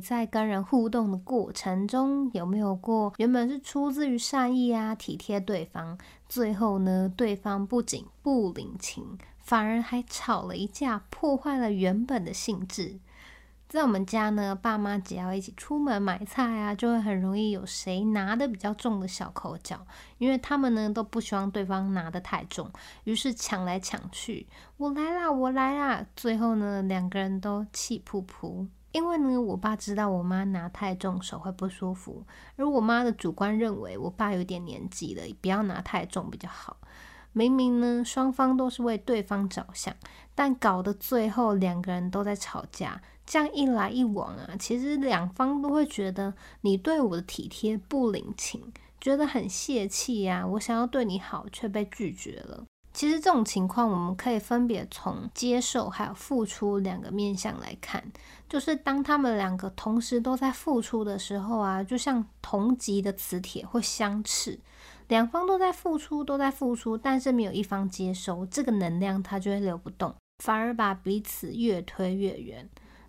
在跟人互動的過程中，有沒有過原本是出自於善意啊，體貼對方，最後呢，對方不僅不領情，反而還吵了一架，破壞了原本的興致。在我們家呢，爸媽只要一起出門買菜啊，就會很容易有誰拿得比較重的小口角，因為他們呢都不希望對方拿得太重，於是搶來搶去，“我來啦，我來啦”，最後呢，兩個人都氣噗噗。因為呢，我爸知道我媽拿太重手會不舒服，而我媽的主觀認為我爸有點年紀了，不要拿太重比較好。明明呢，雙方都是為對方着想，但搞得最後兩個人都在吵架。這樣一來一往啊，其實兩方都會覺得你對我的體貼不領情，覺得很洩氣呀，我想要對你好卻被拒絕了。其實這種情況，我們可以分別從接受還有付出兩個面向來看。就是當他們兩個同時都在付出的時候啊，就像同極的磁鐵會相斥，兩方都在付出，都在付出，但是沒有一方接收這個能量，它就會流不動，反而把彼此越推越遠。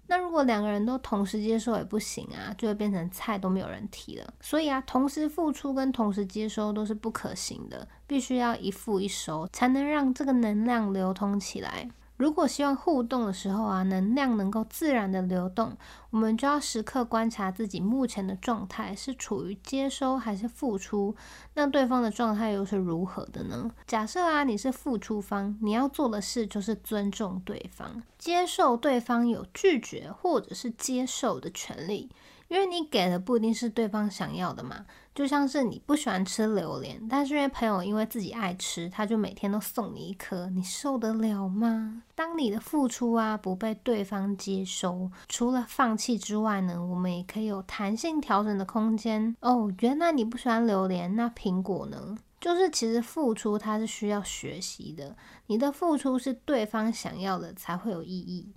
那如果兩個人都同時接受也不行啊，就會變成菜都沒有人提了。所以啊，同時付出跟同時接收都是不可行的，必須要一付一收，才能讓這個能量流通起來。如果希望互動的時候啊，能量能夠自然的流動，我們就要時刻觀察自己目前的狀態是處於接收還是付出，那對方的狀態又是如何的呢？假設啊，你是付出方，你要做的事就是尊重對方，接受對方有拒絕或者是接受的權利。因為你給的不一定是對方想要的嘛，就像是你不喜歡吃榴蓮，但是因為朋友因為自己愛吃，他就每天都送你一顆，你受得了嗎？當你的付出啊不被對方接收，除了放棄之外呢，我們也可以有彈性調整的空間。哦，原來你不喜歡榴蓮，那蘋果呢？就是其實付出它是需要學習的，你的付出是對方想要的才會有意義。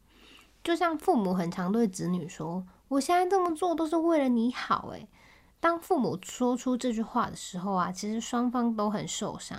就像父母很常對子女說，我現在這麼做都是為了你好欸。當父母說出這句話的時候啊，其實雙方都很受傷，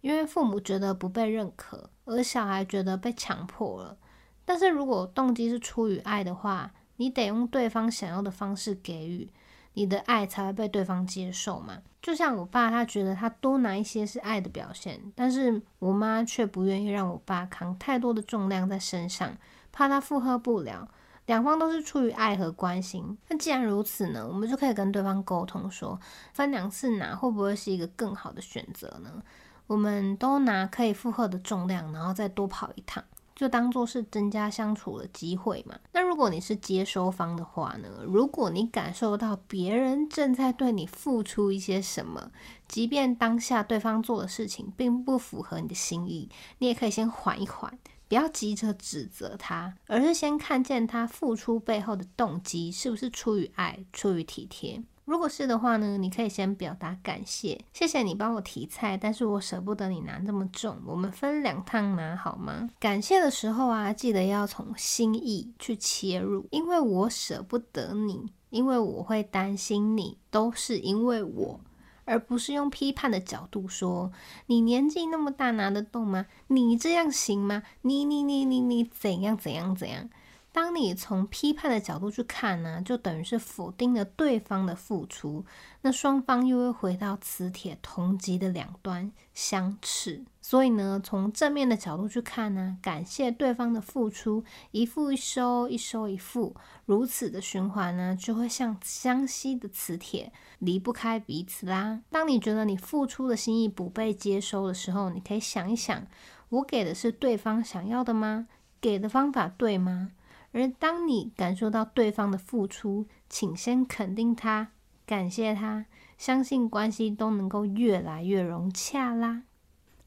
因為父母覺得不被認可，而小孩覺得被強迫了。但是如果動機是出於愛的話，你得用對方想要的方式給予你的愛，才會被對方接受嘛。就像我爸，他覺得他多拿一些是愛的表現，但是我媽卻不願意讓我爸扛太多的重量在身上，怕他負荷不了。兩方都是出於愛和關心，那既然如此呢，我們就可以跟對方溝通說，分兩次拿會不會是一個更好的選擇呢？我們都拿可以負荷的重量，然後再多跑一趟，就當做是增加相處的機會嘛。那如果你是接收方的話呢，如果你感受到別人正在對你付出一些什麼，即便當下對方做的事情並不符合你的心意，你也可以先緩一緩。不要急着指責他，而是先看見他付出背後的動機是不是出於愛、出於體貼。如果是的話呢，你可以先表達感謝，謝謝你幫我提菜，但是我捨不得你拿那麼重，我們分兩趟拿好嗎？感謝的時候啊，記得要從心意去切入，因為我捨不得你，因為我會擔心你，都是因為我，而不是用批判的角度說：“你年紀那麼大，拿得動嗎？你這樣行嗎？你你你你你怎樣怎樣怎樣？”當你從批判的角度去看呢，就等於是否定了對方的付出，那雙方又會回到磁鐵同極的兩端相斥。所以呢，從正面的角度去看呢，感謝對方的付出，一付一收，一收一付，如此的循環呢，就會像相吸的磁鐵，離不開彼此啦。當你覺得你付出的心意不被接收的時候，你可以想一想，我給的是對方想要的嗎？給的方法對嗎？而當你感受到對方的付出，請先肯定他、感謝他，相信關係都能夠越來越融洽啦。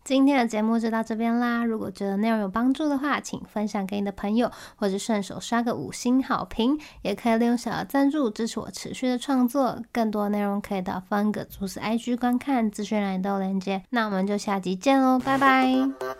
今天的節目就到這邊啦，如果覺得內容有幫助的話，請分享給你的朋友，或者順手刷個五星好評，也可以利用小的贊助支持我持續的創作。更多內容可以到方格子 IG 觀看、資訊欄都有連接。那我們就下集見嘍，拜拜。